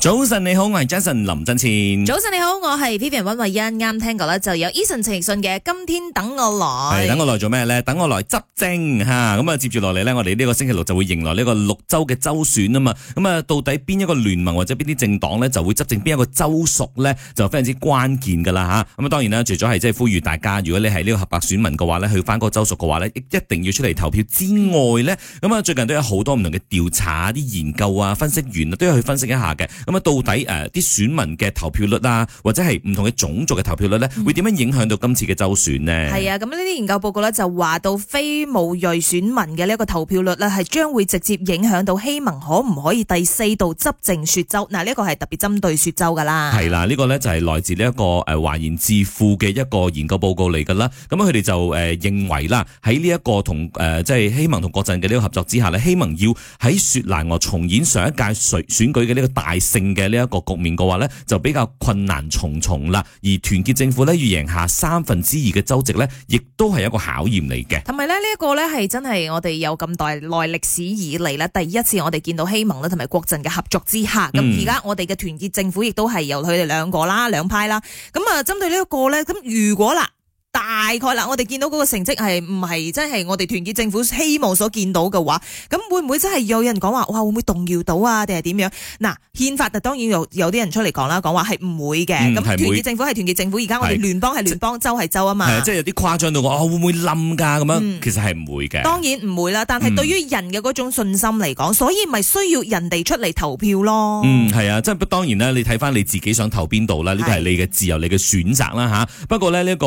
早晨你好，我係 Jason 林振千。早晨你好，我係 Vivian 溫慧欣。啱聽過咧，就有 Eason 陳奕迅嘅《今天等我來》。係等我來做咩咧？等我來執政吓。咁啊，接住落嚟呢，我哋呢個星期六就會迎來呢個六州嘅州選啊嘛。咁啊，到底邊一個聯盟或者邊啲政黨呢，就會執政邊一個州屬呢？就非常之關鍵噶啦吓。咁啊，當然啦，除咗係即係呼籲大家，如果你係呢個合法選民嘅話呢，去翻嗰個州屬嘅話呢，一定要出嚟投票之外呢。咁啊、嗯，最近都有好多唔同嘅調查、啲研究啊、分析員、啊、都要去分析一下嘅。咁到底誒啲選民嘅投票率啦，或者係唔同嘅種族嘅投票率呢，會點樣影響到今次嘅州選呢？係啊，咁呢啲研究報告呢，就話到非巫裔選民嘅呢個個投票率呢，係將會直接影響到希盟可唔可以第四度執政雪州。嗱，呢個個係特別針對雪州㗎啦。係啦，呢、這個呢，就係來自呢一個誒華研智庫嘅一個研究報告嚟㗎啦。咁佢哋就誒認為啦，喺呢一個同誒即係希盟同國陣嘅呢個合作之下呢，希盟要喺雪蘭莪重演上一屆選舉舉嘅呢個大勝。嘅呢一個局面嘅話咧，就比較困難重重啦。而團結政府咧要贏下三分之二嘅州席咧，亦都係一個考驗嚟嘅。同埋咧，呢、這、一個咧係真係我哋有咁大內歷史以嚟咧，第一次我哋見到希盟咧同埋國陣嘅合作之下。咁而家我哋嘅團結政府亦都係由佢哋兩個啦，兩派啦。咁啊、這個，針對呢一個咧，咁如果啦。大概啦，我哋見到嗰個成績係唔係真係我哋團結政府希望所見到嘅話，咁會唔會真係有人講話哇？會唔會動搖到啊？定係點樣？嗱，憲法就當然有有啲人出嚟講啦，講話係唔會嘅。咁團、嗯、結政府係團結政府，而家我哋聯邦係聯邦，是州係州啊嘛。即係有啲誇張到話、啊，會唔會冧噶咁樣？嗯、其實係唔會嘅。當然唔會啦，但係對於人嘅嗰種信心嚟講，嗯、所以咪需要人哋出嚟投票咯。嗯，係啊，即係當然你睇翻你自己想投邊度啦，呢個係你嘅自由，是你嘅選擇啦吓。不過咧呢、呢個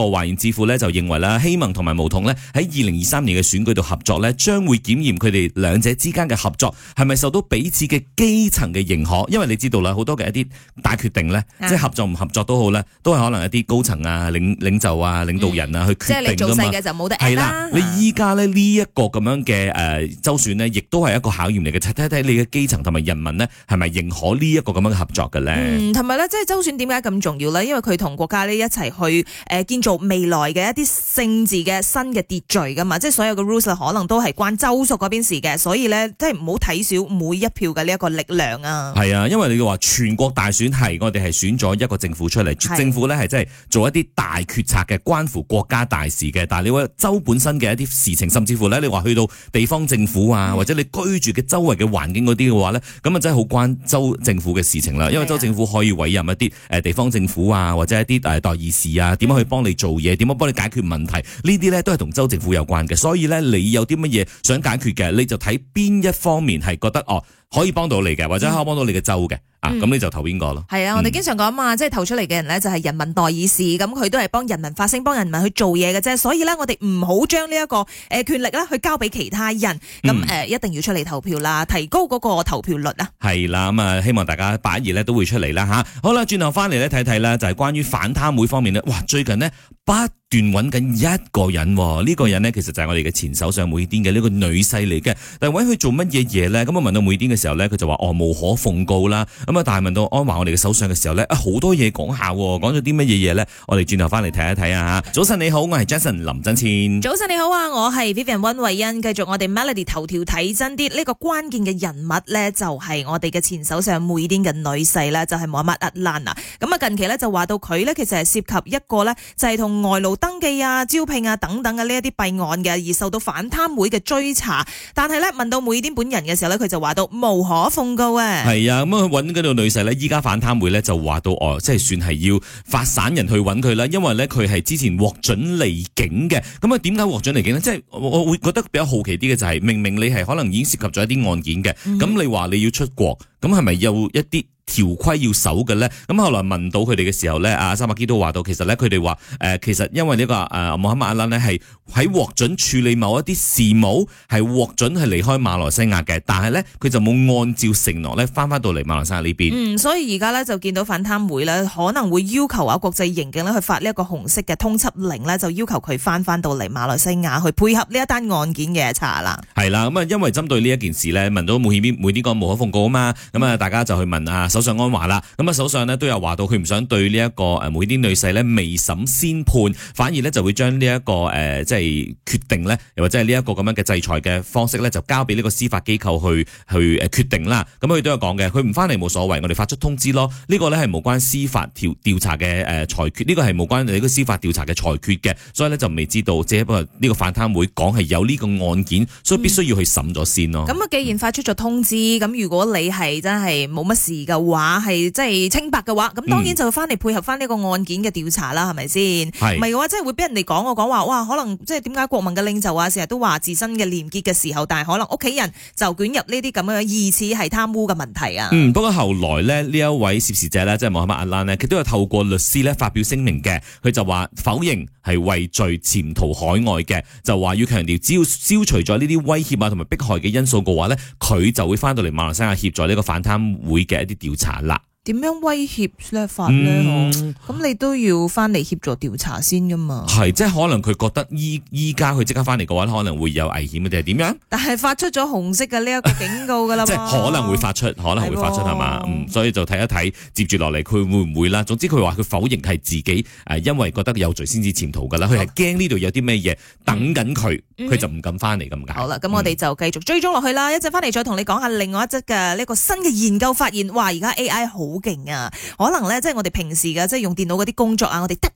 副咧就認為啦，希望同埋無痛咧喺二零二三年嘅選舉度合作咧，將會檢驗佢哋兩者之間嘅合作係咪受到彼此嘅基層嘅認可。因為你知道啦，好多嘅一啲大決定咧，的即係合作唔合作都好咧，都係可能一啲高層啊、領領袖啊、領導人啊去決定做世界就噶嘛。係啦，你依家咧呢一個咁樣嘅誒、呃、周選咧，亦都係一個考驗嚟嘅。睇睇你嘅基層同埋人民咧係咪認可呢一個咁樣嘅合作嘅咧？同埋咧，即係周選點解咁重要咧？因為佢同國家呢一齊去誒建造未來。嘅一啲政治嘅新嘅秩序噶嘛，即係所有嘅 rules 可能都係關州屬嗰邊事嘅，所以咧即係唔好睇少每一票嘅呢一個力量啊。係啊，因為你話全國大選係我哋係選咗一個政府出嚟，是啊、政府咧係真係做一啲大決策嘅，關乎國家大事嘅。但係你話州本身嘅一啲事情，甚至乎咧你話去到地方政府啊，嗯、或者你居住嘅周圍嘅環境嗰啲嘅話咧，咁啊真係好關州政府嘅事情啦。啊、因為州政府可以委任一啲誒地方政府啊，或者一啲誒代議士啊，點樣去幫你做嘢，點？我幫你解決問題，呢啲咧都係同州政府有關嘅，所以咧你有啲乜嘢想解決嘅，你就睇邊一方面係覺得哦。可以幫到你嘅，或者可以幫到你嘅州嘅，嗯、啊，咁、嗯、你就投邊個咯？係啊，我哋經常講啊，即係投出嚟嘅人呢，就係人民代議士。咁佢都係幫人民發聲，幫人民去做嘢嘅啫。所以呢、這個，我哋唔好將呢一個誒權力呢去交俾其他人。咁誒、嗯呃，一定要出嚟投票啦，提高嗰個投票率啊！係啦，咁啊，希望大家八一二咧都會出嚟啦吓。好啦，轉頭翻嚟呢睇睇啦，就係關於反貪會方面呢。哇，最近呢不斷揾緊一個人，呢、這個人呢，其實就係我哋嘅前首相每艷嘅呢個女婿嚟嘅。但係揾佢做乜嘢嘢呢？咁我問到每艷嘅時候咧，佢就話哦，無可奉告啦。咁啊，但係問到安華我哋嘅首相嘅時候呢，啊好多嘢講下，講咗啲乜嘢嘢呢？我哋轉頭翻嚟睇一睇啊！吓，早晨你好，我係 Jason 林振千。早晨你好啊，我係 Vivian 温慧欣。繼續我哋 Melody 頭條睇真啲，呢個關鍵嘅人物呢，就係我哋嘅前首相慕尤丁嘅女婿呢，就係莫阿麥阿蘭啊。咁啊，近期呢，就話到佢呢，其實係涉及一個呢，就係同外勞登記啊、招聘啊等等嘅呢一啲弊案嘅，而受到反貪會嘅追查。但係呢，問到慕尤丁本人嘅時候呢，佢就話到無可奉告啊！係啊，咁啊，揾嗰度女婿咧，依家反貪會咧就話到哦，即係算係要發散人去揾佢啦，因為咧佢係之前獲准離境嘅，咁啊，點解獲准離境呢？即係我會覺得比較好奇啲嘅就係、是，明明你係可能已經涉及咗一啲案件嘅，咁、嗯、哼你話你要出國，咁係咪又一啲？條規要守嘅咧，咁後來問到佢哋嘅時候咧，阿沙巴基都話到，其實咧佢哋話，其實因為呢、這個我冇冚馬啦呢係喺獲准處理某一啲事務，係獲准係離開馬來西亞嘅，但係呢，佢就冇按照承諾咧返返到嚟馬來西亞呢邊。嗯，所以而家呢，就見到反貪會呢可能會要求啊國際刑警呢去發呢一個紅色嘅通緝令呢，就要求佢返返到嚟馬來西亞去配合呢一單案件嘅查啦。係啦，咁啊因為針對呢一件事呢，問到每邊每啲個無可奉告啊嘛，咁、嗯、啊、嗯、大家就去問阿、啊。首相安華啦，咁啊首相呢都有話到，佢唔想對呢一個每美啲女婿呢未審先判，反而呢就會將呢一個誒、呃、即係決定呢，又或者係呢一個咁樣嘅制裁嘅方式呢，就交俾呢個司法機構去去誒決定啦。咁佢都有講嘅，佢唔翻嚟冇所謂，我哋發出通知咯。呢、這個呢係無關司法調查嘅裁決，呢、這個係無關你個司法調查嘅裁決嘅，所以呢就未知道，即係不過呢個反貪會講係有呢個案件，所以必須要去審咗先咯。咁啊、嗯，既然發出咗通知，咁、嗯、如果你係真係冇乜事嘅，話係即係清白嘅話，咁當然就翻嚟配合翻呢個案件嘅調查啦，係咪先？唔係嘅話，即係會俾人哋講我講話，哇，可能即係點解國民嘅領袖啊成日都話自身嘅廉潔嘅時候，但係可能屋企人就捲入呢啲咁樣疑似係貪污嘅問題啊。嗯，不過後來呢，呢一位涉事者呢，即係冇乜阿蘭呢，佢都有透過律師呢發表聲明嘅，佢就話否認係畏罪潛逃海外嘅，就話要強調只要消除咗呢啲威脅啊同埋迫害嘅因素嘅話呢，佢就會翻到嚟馬來西亞協助呢個反貪會嘅一啲調查啦。點樣威脅咧法咧？咁、嗯、你都要翻嚟協助調查先噶嘛？係，即係可能佢覺得依依家佢即刻翻嚟嘅話，可能會有危險嘅，定係點樣？但係發出咗紅色嘅呢一個警告噶啦，即係 可能會發出，可能會發出係嘛吧、嗯？所以就睇一睇接住落嚟佢會唔會啦。總之佢話佢否認係自己誒，因為覺得有罪先至潛逃噶啦。佢係驚呢度有啲咩嘢等緊佢，佢、嗯、就唔敢翻嚟咁解。嗯、好啦，咁我哋就繼續追蹤落去啦。一陣翻嚟再同你講下另外一則嘅呢個新嘅研究發現，哇而家 AI 好。好勁啊！可能咧，即係我哋平時嘅，即係用電腦嗰啲工作啊，我哋得。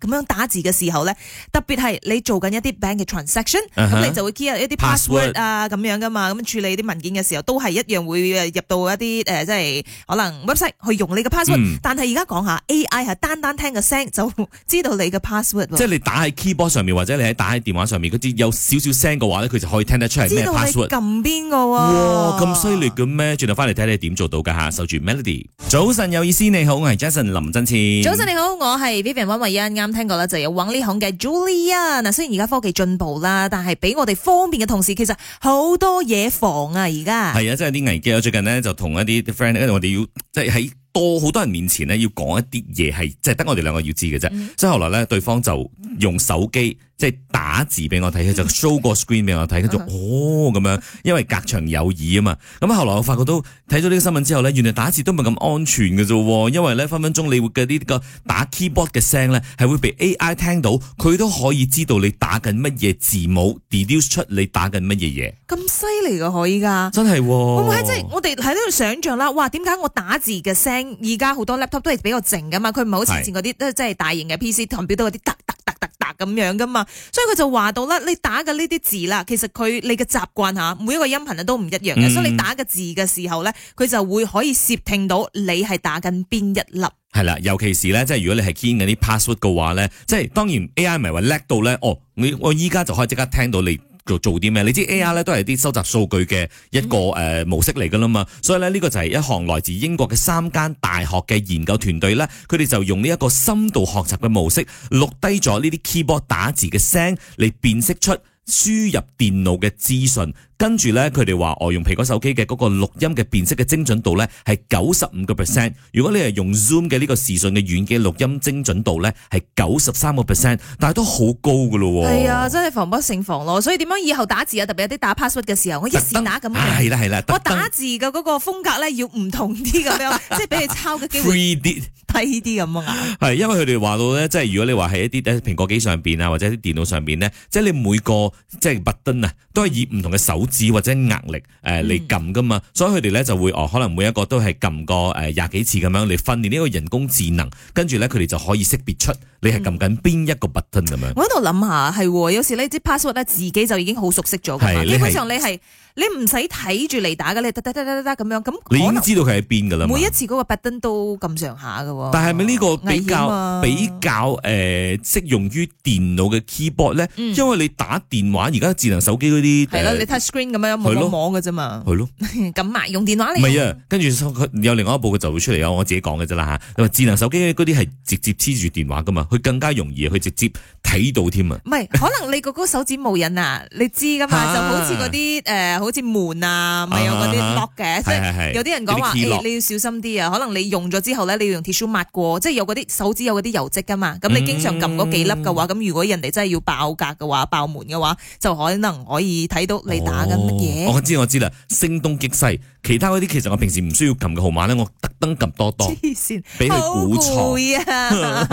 咁樣打字嘅時候咧，特別係你做緊一啲 bank 嘅 transaction，咁你就會 key 入一啲 password 啊咁樣噶嘛，咁樣 Pass word. 處理啲文件嘅時候都係一樣會入到一啲誒、呃，即係可能 website 去用你嘅 password。Um, 但係而家講下 AI 係單單聽個聲就知道你嘅 password。即係你打喺 keyboard 上面，或者你喺打喺電話上面嗰啲有少少聲嘅話呢，佢就可以聽得出係咩 password。撳邊個喎、啊？咁犀利嘅咩？轉頭翻嚟睇你點做到噶吓，守住 Melody。早晨有意思，你好，我係 Jason 林振前。早晨你好，我係 Vivian 溫慧欣。嗯嗯聽過啦，就有玩呢行嘅 Julia。嗱，雖然而家科技進步啦，但係俾我哋方便嘅同時，其實好多嘢防啊。而家係啊，即係啲危機啊！最近咧就同一啲 friend，跟住我哋要即係喺多好多人面前咧，要講一啲嘢係，即係得我哋兩個要知嘅啫。Mm hmm. 所以後來咧，對方就用手機。即係打字俾我睇，佢就 show 個 screen 俾我睇，跟住哦咁樣，因為隔牆有耳啊嘛。咁後來我發覺到，睇咗呢個新聞之後咧，原來打字都唔係咁安全嘅啫喎，因為咧分分鐘你會嘅呢個打 keyboard 嘅聲咧係會被 AI 聽到，佢都可以知道你打緊乜嘢字母 ，deduce 出你打緊乜嘢嘢。咁犀利㗎可以㗎？真係喎、哦！即係我哋喺呢度想像啦，哇！點解我打字嘅聲而家好多 laptop 都係比較靜嘅嘛？佢唔係好似以前嗰啲是即係大型嘅 PC 台表到嗰啲特達咁樣噶嘛，所以佢就話到啦，你打嘅呢啲字啦，其實佢你嘅習慣吓，每一個音頻都唔一樣嘅，嗯、所以你打嘅字嘅時候咧，佢就會可以攝聽到你係打緊邊一粒。係啦，尤其是咧，即係如果你係 key 緊啲 password 嘅話咧，即係當然 AI 咪係話叻到咧，哦，我我依家就可以即刻聽到你。做啲咩？你知 AR 咧都係啲收集數據嘅一個誒模式嚟噶啦嘛，所以咧呢個就係一行來自英國嘅三間大學嘅研究團隊咧，佢哋就用呢一個深度學習嘅模式錄低咗呢啲 keyboard 打字嘅聲，嚟辨識出輸入電腦嘅資訊。跟住咧，佢哋話我用蘋果手機嘅個錄音嘅辨識嘅精準度咧，係九十五個 percent。如果你係用 Zoom 嘅呢個視訊嘅軟件錄音，精準度咧係九十三個 percent，但係都好高㗎咯。係啊，真係防不勝防咯。所以點樣以後打字啊？特別有啲打 password 嘅時候，我一時打咁，係啦係啦，啊、我打字嘅個風格咧要唔同啲咁樣，即係俾你抄嘅機會低啲，低啲咁啊。係因為佢哋話到咧，即係如果你話喺一啲誒蘋果機上邊啊，或者啲電腦上邊咧，即係你每個即係 button 啊，都係以唔同嘅手。或者壓力誒嚟撳噶嘛，嗯、所以佢哋咧就會哦，可能每一個都係撳個誒廿幾次咁樣嚟訓練呢個人工智能，跟住咧佢哋就可以識別出你係撳緊邊一個 button 咁樣。我喺度諗下，係、哦、有時呢啲 password 咧自己就已經好熟悉咗嘅啦。你基本上你係你唔使睇住嚟打嘅，你得得得得得咁樣。咁你已經知道佢係喺邊嘅啦。每一次嗰個 button 都咁上下嘅。但係咪呢個比較、啊、比較誒、呃、適用於電腦嘅 keyboard 咧？嗯、因為你打電話而家智能手機嗰啲、嗯呃係咯，摸嘅啫嘛，係咯，咁啊的，用電話嚟，唔係啊，跟住有另外一部佢就會出嚟啊，我自己講嘅啫啦吓，因為智能手機嗰啲係直接黐住電話噶嘛，佢更加容易去直接睇到添啊，唔係，可能你嗰個手指冇印啊，你知噶嘛，啊、就好似嗰啲誒，好似門啊，咪、啊、有嗰啲 lock 嘅，啊、即係有啲人講話，你要小心啲啊，可能你用咗之後咧，你要用鐵梳抹過，即係有嗰啲手指有嗰啲油漬噶嘛，咁、嗯、你經常撳嗰幾粒嘅話，咁如果人哋真係要爆格嘅話，爆門嘅話，就可能可以睇到你打、哦。哦、我知了，我知啦，聲東擊西，其他嗰啲其實我平時唔需要撳嘅號碼咧，我特登撳多多，俾佢估錯啊，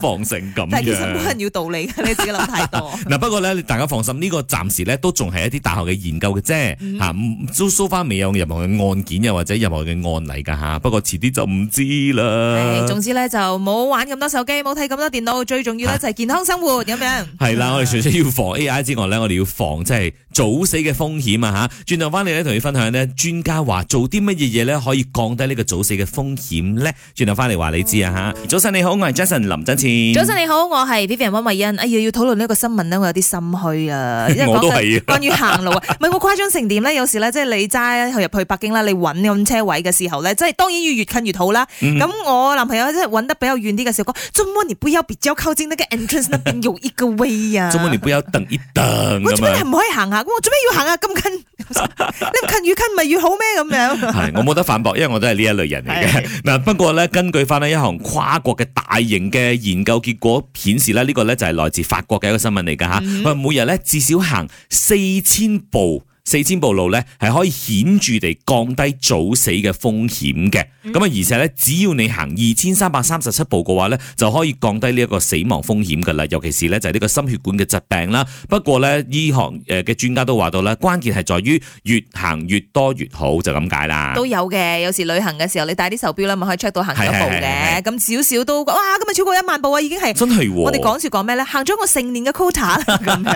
放 成咁樣。但係其實冇人要道理嘅，你自己諗太多。嗱， 不過咧，大家放心，呢、這個暫時咧都仲係一啲大學嘅研究嘅啫，吓、嗯，翻未有任何嘅案件，又或者任何嘅案例噶吓。不過遲啲就唔知啦。總之咧就冇玩咁多手機，冇睇咁多電腦，最重要咧就係健康生活咁樣。係啦、啊，我哋除咗要防 A I 之外咧，我哋要防即係、就是、早死嘅風風險啊吓，轉頭翻嚟咧，同你分享呢，專家話做啲乜嘢嘢咧可以降低呢個早死嘅風險咧？轉頭翻嚟話你知啊吓，oh. 早晨你好，我係 Jason 林真前。早晨你好，我係 Vivian 温慧欣。哎呀，要討論呢個新聞咧，我有啲心虛啊。我都係。關於行路啊，唔係我誇張成點咧？有時呢，即係你齋入去北京啦，你揾咁車位嘅時候咧，即係當然要越近越好啦。咁、mm hmm. 我男朋友即係揾得比較遠啲嘅，時候講，點解你不要比較靠近那個 entrance 呢？邊有一個位啊。點解你不要等一等。 我真係唔可以行下。我做咩要行、啊咁近，你近越近咪越好咩？咁樣係，我冇得反駁，因為我都係呢一類人嚟嘅。嗱，是的 不過咧，根據翻，咧一項跨國嘅大型嘅研究結果顯示咧，呢、這個咧就係來自法國嘅一個新聞嚟噶吓。嗯、每日咧至少行四千步。四千步路咧，係可以顯著地降低早死嘅風險嘅、嗯。咁啊，而且咧，只要你行二千三百三十七步嘅話咧，就可以降低呢一個死亡風險噶啦。尤其是咧，就係呢個心血管嘅疾病啦。不過咧，醫學誒嘅專家都話到咧，關鍵係在於越行越多越好，就咁解啦。都有嘅，有時旅行嘅時候你戴啲手錶咧，咪可以 check 到行走一步嘅。咁少少都哇，今日超過一萬步啊，已經係真係。哦、我哋講住講咩咧？行咗我成年嘅 quota 啦，咁樣。嗱，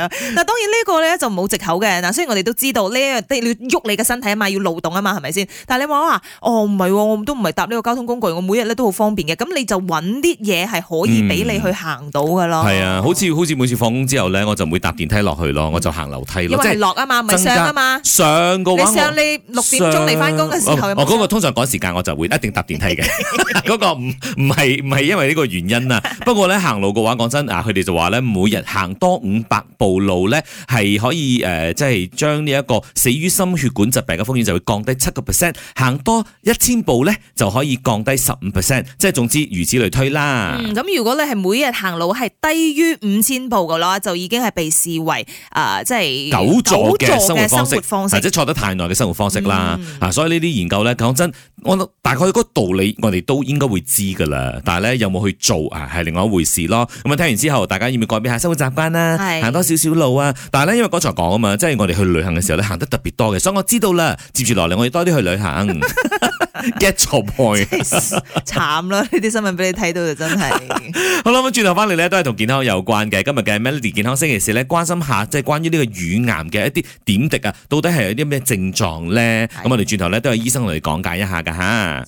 當然呢個咧就冇藉口嘅。嗱，雖然我哋都知。度呢啲你喐你嘅身體啊嘛，要勞動啊嘛，係咪先？但係你話話哦，唔係，我唔都唔係搭呢個交通工具，我每日咧都好方便嘅。咁你就搵啲嘢係可以俾你去行到嘅咯。係啊，好似好似每次放工之後咧，我就唔會搭電梯落去咯，我就行樓梯咯。因為落啊嘛，唔係上啊嘛，上嘅話。你上你六點鐘嚟返工嘅時候嘅。哦，嗰個通常趕時間，我就會一定搭電梯嘅。嗰個唔唔係唔係因為呢個原因啊。不過咧行路嘅話，講真啊，佢哋就話咧，每日行多五百步路咧，係可以誒，即係將呢一。個死於心血管疾病嘅風險就會降低七個 percent，行多一千步咧就可以降低十五 percent，即係總之如此類推啦。咁、嗯、如果你係每日行路係低於五千步嘅話，就已經係被視為誒即係久坐嘅生活方式，方式或者坐得太耐嘅生活方式啦。啊、嗯，所以呢啲研究咧，講真，我大概嗰個道理我哋都應該會知噶啦。但係咧有冇去做啊，係另外一回事咯。咁啊，聽完之後，大家要唔要改變下生活習慣啦？是行多少少路啊？但係咧，因為剛才講啊嘛，即係我哋去旅行嘅時候。嗯你行得特別多嘅，所以我知道啦。接住落嚟，我要多啲去旅行。 Get your point，慘啦！呢啲 新聞俾你睇到就真係。 好啦，咁轉頭翻嚟咧，都係同健康有關嘅。今日嘅 Melody 健康星期四咧，關心下即係關於呢個乳癌嘅一啲點滴啊，到底係有啲咩症狀咧？咁的我哋轉頭咧都有醫生嚟講解一下嘅嚇。